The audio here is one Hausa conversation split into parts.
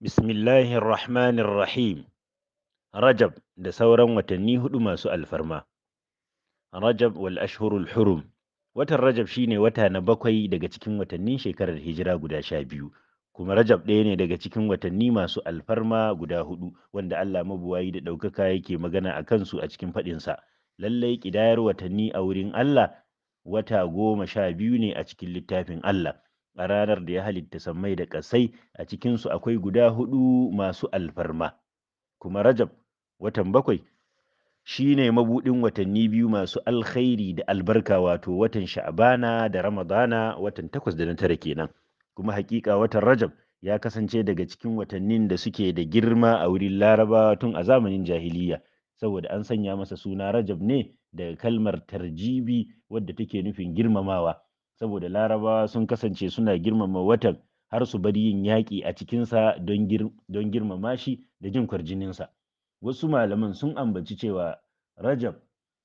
bismillahir rahmanir rahim rajab da sauran watanni hudu masu alfarma rajab wal ashhurul hurum watan rajab shine wata na bakwai daga cikin watannin shekarar hijira guda sha biyu kuma rajab ɗaya ne daga cikin watanni masu alfarma guda hudu wanda allah mabuwayi da ɗaukaka yake magana a kansu a cikin faɗinsa lallai ƙidayar watanni a wurin allah wata goma sha biyu ne a cikin littafin allah a ranar da ya halitta sammai da ƙasai a cikinsu akwai guda hudu masu alfarma kuma rajab watan bakwai shi ne mabuɗin watanni biyu masu alkhairi da albarka wato watan sha'abana da ramadana watan takwas da na tara kenan kuma hakika watan rajab ya kasance daga cikin watannin da suke da girma a wurin laraba tun a zamanin jahiliya saboda an sanya masa suna rajab ne daga kalmar tarjibi wadda take nufin girmamawa saboda larabawa sun kasance suna girmama watan har su bar yin yaƙi a cikinsa don girmama shi da jin kwarjininsa wasu malaman sun ambaci cewa rajab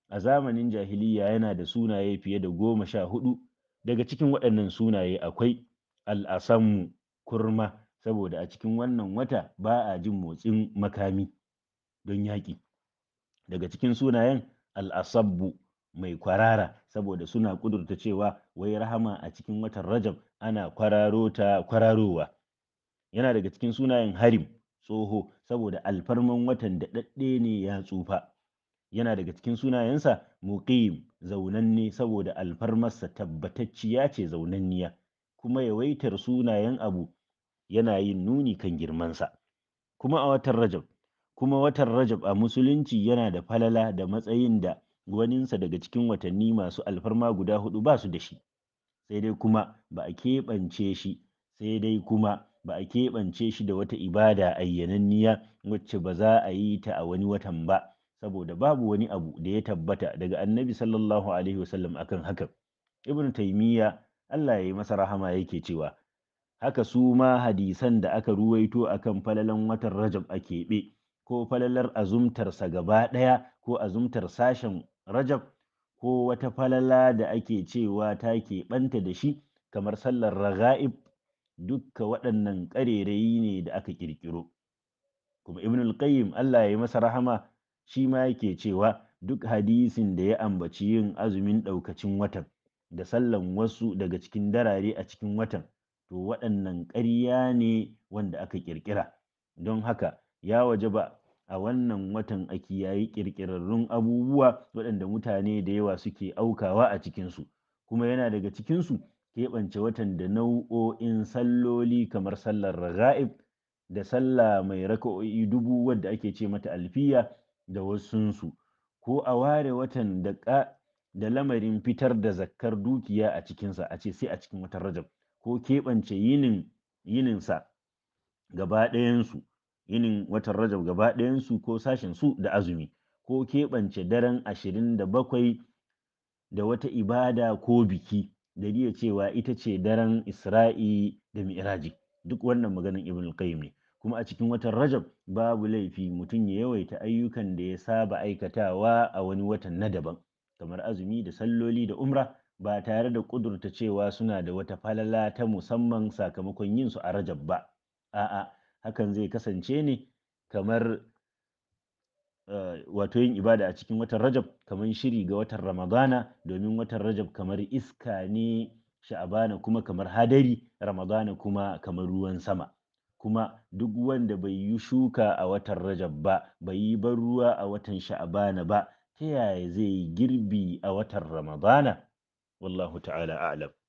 a zamanin jahiliya yana da sunaye fiye da goma sha hudu daga cikin waɗannan sunaye akwai al'asammu kurma saboda a cikin wannan wata ba a jin motsin makami don yaƙi daga cikin sunayen al'asabbu mai kwarara saboda suna ƙudurta cewa wai rahama a cikin watan rajab ana kwararo ta kwararowa yana daga cikin sunayen harim tsoho saboda alfarman watan da daɗe ne ya tsufa yana daga cikin sunayensa muqim zaunanne saboda alfarmarsa tabbatacciya ce zaunanniya kuma yawaitar sunayen abu yana yin nuni kan girmansa kuma a watan rajab kuma watan rajab a musulunci yana da falala da matsayin da gwaninsa daga cikin watanni masu alfarma guda hudu ba su da shi sai dai kuma ba a keɓance shi sai dai kuma ba a keɓance shi da wata ibada ayyananniya wacce ba za a yi ta a wani watan ba saboda babu wani abu da ya tabbata daga annabi sallallahu alaihi wasallam akan hakan ibn taymiya Allah ya yi masa rahama yake cewa haka su ma hadisan da aka ruwaito akan falalan watan rajab a keɓe ko falalar azumtarsa gaba ɗaya ko azumtar sashen rajab ko wata falala da ake cewa ta keɓanta da shi kamar sallar raga'ib dukka waɗannan ƙarerayi ne da aka ƙirƙiro kuma ibn al-qayyim Allah ya yi masa rahama shi ma yake cewa duk hadisin da ya ambaci yin azumin ɗaukacin watan da sallan wasu daga cikin darare a cikin watan to waɗannan ƙarya ne wanda aka ƙirƙira don haka ya wajaba a wannan watan a yayi ƙirƙirarrun abubuwa waɗanda mutane da yawa suke aukawa a cikinsu kuma yana daga cikinsu keɓance watan da nau'o'in salloli kamar sallar raga'ib da sallah mai raka'o'i dubu wadda ake ce mata alfiya da wasunsu ko a ware watan da da lamarin fitar da zakkar dukiya a cikinsa a ce sai a cikin watan rajab ko keɓance yinin yininsa gaba ɗayansu yinin watan rajab gaba su ko sashen su da azumi ko keɓance daren ashirin da bakwai da wata ibada ko biki da riya cewa ita ce daren isra'i da mi'raji duk wannan maganin ibn qayyim ne kuma a cikin watan rajab babu laifi mutum ya yawaita ayyukan da ya saba aikatawa a wani watan na daban kamar azumi da salloli da umra ba tare da kudurta cewa suna da wata falala ta musamman sakamakon yin su a rajab ba a'a hakan zai kasance ne kamar eh, wato yin ibada a cikin watan rajab kamar shiri ga watan ramadana domin watan rajab kamar iska ne sha'abana kuma kamar hadari ramadana kuma kamar ruwan sama kuma duk wanda bai yi shuka a watan rajab ba bai yi ban ruwa a watan sha'abana ba ta yaya zai yi girbi a watan ramadana wallahu ta'ala a'lam